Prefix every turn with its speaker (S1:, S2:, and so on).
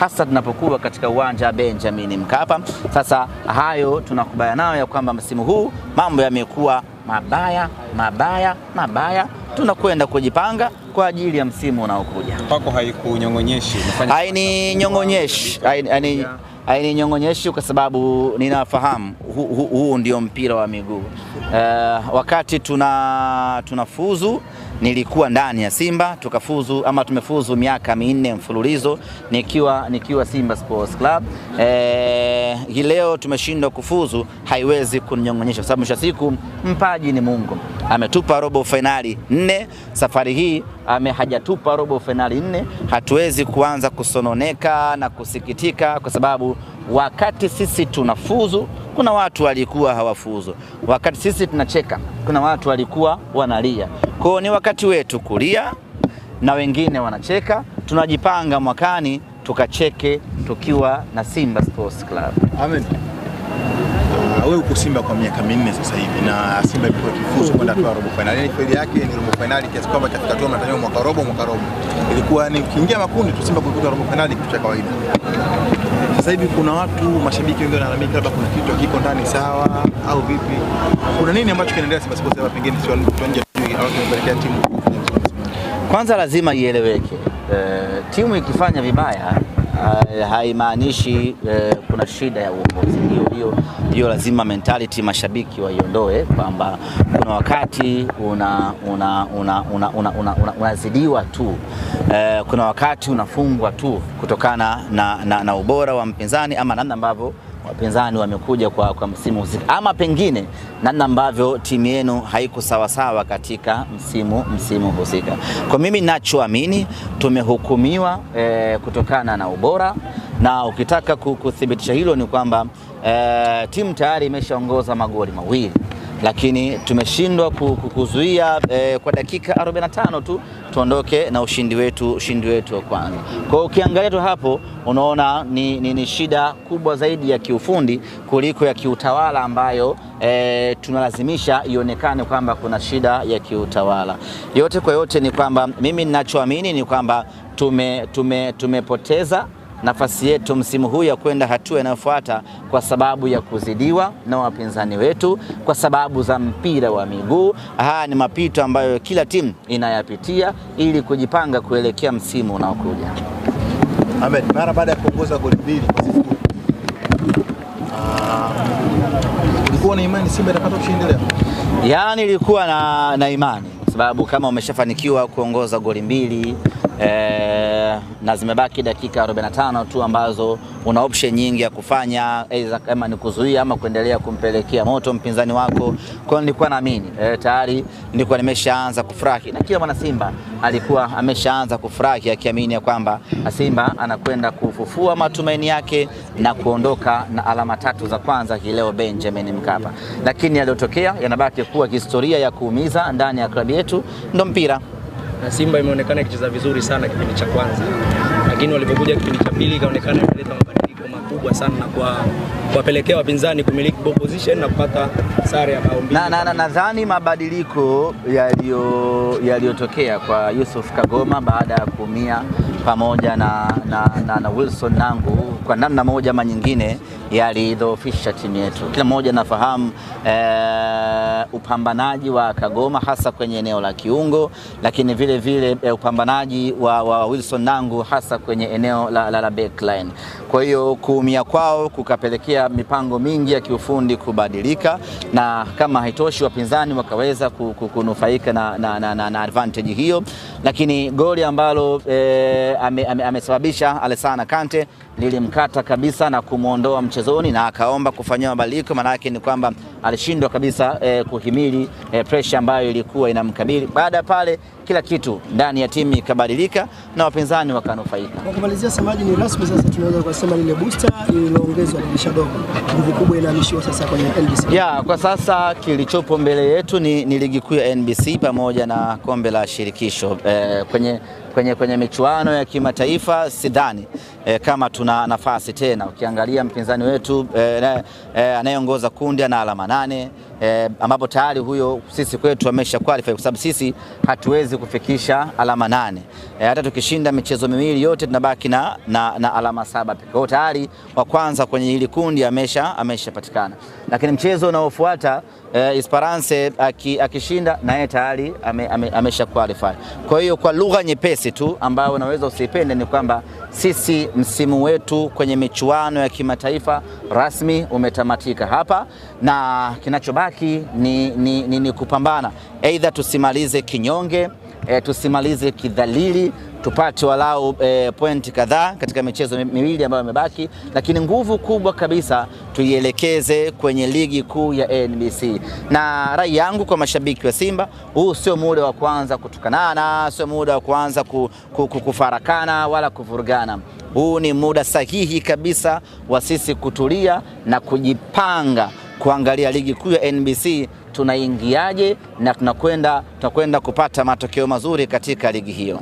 S1: hasa tunapokuwa katika uwanja wa Benjamin Mkapa. Sasa hayo tunakubaliana nayo ya kwamba msimu huu mambo yamekuwa mabaya mabaya mabaya tunakwenda kujipanga kwa ajili ya msimu unaokuja.
S2: Pako haikunyong'onyeshi?
S1: Haininyong'onyeshi, nyong'onyeshi kwa sababu ninafahamu huu hu, hu, ndio mpira wa miguu. Uh, wakati tuna tunafuzu nilikuwa ndani ya Simba tukafuzu ama tumefuzu miaka minne mfululizo nikiwa, nikiwa Simba Sports Club. E, hii leo tumeshindwa kufuzu, haiwezi kunyong'onyesha, sababu mwisho siku mpaji ni Mungu. Ametupa robo fainali nne, safari hii ame hajatupa robo fainali nne. Hatuwezi kuanza kusononeka na kusikitika kwa sababu wakati sisi tunafuzu kuna watu walikuwa hawafuzu, wakati sisi tunacheka, kuna watu walikuwa wanalia. Kwao ni wakati wetu kulia na wengine wanacheka, tunajipanga mwakani tukacheke tukiwa na Simba Sports Club.
S2: Amen. Ah, wewe uko Simba kwa miaka minne sasa hivi na Simba ilikuwa kifuzo kwenda tu robo finali. Yaani kweli yake ni robo finali kiasi kwamba katika tu matanyo mwaka robo mwaka robo. Ilikuwa ni ukiingia makundi tu Simba kulikuwa robo finali kwa kawaida sasa hivi kuna watu mashabiki wengi wanalalamika labda kuna kitu kiko ndani sawa au vipi? Kuna nini ambacho kinaendelea Simba Sports hapa pengine sio tuanje au kimepelekea timu?
S1: Kwanza lazima ieleweke. Eh, timu ikifanya vibaya Eh, haimaanishi eh, kuna shida ya uongozi. Hiyo hiyo hiyo, lazima mentality mashabiki waiondoe kwamba kuna wakati unazidiwa una, una, una, una, una, una tu eh, kuna wakati unafungwa tu kutokana na, na, na ubora wa mpinzani ama namna ambavyo wapinzani wamekuja kwa, kwa msimu husika, ama pengine namna ambavyo timu yenu haiko sawasawa katika msimu msimu husika. Kwa mimi nachoamini tumehukumiwa e, kutokana na ubora, na ukitaka kuthibitisha hilo ni kwamba e, timu tayari imeshaongoza magoli mawili lakini tumeshindwa kuzuia eh, kwa dakika 45 tu tuondoke na ushindi wetu ushindi wetu wa kwanza. Kwa ukiangalia tu hapo unaona ni, ni, ni shida kubwa zaidi ya kiufundi kuliko ya kiutawala ambayo e, tunalazimisha ionekane kwamba kuna shida ya kiutawala. Yote kwa yote ni kwamba mimi ninachoamini ni kwamba tume, tume, tumepoteza nafasi yetu msimu huu ya kwenda hatua inayofuata kwa sababu ya kuzidiwa na wapinzani wetu kwa sababu za mpira wa miguu. Haya ni mapito ambayo kila timu inayapitia ili kujipanga kuelekea msimu unaokuja.
S2: Ahmed mara baada ya kuongoza goli mbili kwa sifuri ah, ulikuwa na imani Simba itapata ushindi leo?
S1: Yaani ilikuwa na, na imani kwa sababu kama umeshafanikiwa kuongoza goli mbili eh, na zimebaki dakika 45 tu ambazo una option nyingi ya kufanya aidha kama ni kuzuia ama kuendelea kumpelekea moto mpinzani wako. Kwa hiyo nilikuwa naamini e, tayari nilikuwa nimeshaanza kufurahi na kila mwana Simba alikuwa ameshaanza kufurahi akiamini ya kwamba Simba anakwenda kufufua matumaini yake na kuondoka na alama tatu za kwanza leo Benjamin Mkapa, lakini yaliyotokea yanabaki kuwa historia ya kuumiza ndani ya klabu yetu, ndo mpira
S2: na Simba imeonekana ikicheza vizuri sana kipindi cha kwanza, lakini walipokuja kipindi cha pili ikaonekana imeleta mabadiliko makubwa sana na kwa kuwapelekea wapinzani kumiliki ball position na kupata sare ya bao mbili.
S1: Na nadhani na, na, mabadiliko yaliyotokea kwa Yusuf Kagoma baada ya kuumia pamoja na, na, na, na Wilson Nangu kwa namna moja ama nyingine yalidhoofisha timu yetu. Kila mmoja nafahamu e, eh, upambanaji wa Kagoma hasa kwenye eneo la kiungo, lakini vile vile e, upambanaji wa, wa Wilson Nangu hasa kwenye eneo la, la, la backline. Kwa hiyo kuumia kwao kukapelekea mipango mingi ya kiufundi kubadilika, na kama haitoshi wapinzani wakaweza kunufaika na, na, na, na, na advantage hiyo, lakini goli ambalo e, amesababisha ame, ame Alessana Kante lilimkata kabisa na kumwondoa mchezoni na akaomba kufanyiwa mabadiliko. Maana yake ni kwamba alishindwa kabisa eh, kuhimili eh, presha ambayo ilikuwa inamkabili. Baada ya pale, kila kitu ndani ya timu ikabadilika na wapinzani wakanufaika. Kwa
S2: kumalizia, Samaji, ni rasmi sasa, tunaweza kusema lile booster lililoongezwa dirisha dogo, nguvu kubwa inahamishiwa sasa kwenye NBC.
S1: Ya, kwa sasa kilichopo mbele yetu ni, ni ligi kuu ya NBC pamoja na kombe la shirikisho eh, kwenye, kwenye, kwenye michuano ya kimataifa sidhani eh, kama tuna tuna nafasi tena. Ukiangalia mpinzani wetu eh, eh, anayeongoza kundi ana alama nane eh, ambapo tayari huyo sisi kwetu amesha qualify kwa sababu sisi hatuwezi kufikisha alama nane eh, hata tukishinda michezo miwili yote tunabaki na, na, na alama saba pekee. Kwa tayari wa kwanza kwenye hili kundi amesha ameshapatikana, lakini mchezo unaofuata eh, Esperance akishinda aki yeye tayari amesha ame, amesha qualify. Kwa hiyo kwa lugha nyepesi tu ambayo unaweza usipende ni kwamba sisi msimu wetu kwenye michuano ya kimataifa rasmi umetamatika hapa, na kinachobaki ni, ni, ni, ni kupambana, aidha tusimalize kinyonge e, tusimalize kidhalili, tupate walau e, eh, pointi kadhaa katika michezo miwili ambayo imebaki, lakini nguvu kubwa kabisa tuielekeze kwenye ligi kuu ya NBC. Na rai yangu kwa mashabiki wa Simba, huu sio muda wa kuanza kutukanana, sio muda wa kuanza kufarakana wala kuvurugana. Huu ni muda sahihi kabisa wa sisi kutulia na kujipanga kuangalia ligi kuu ya NBC tunaingiaje na tunakwenda tutakwenda kupata matokeo mazuri katika ligi hiyo.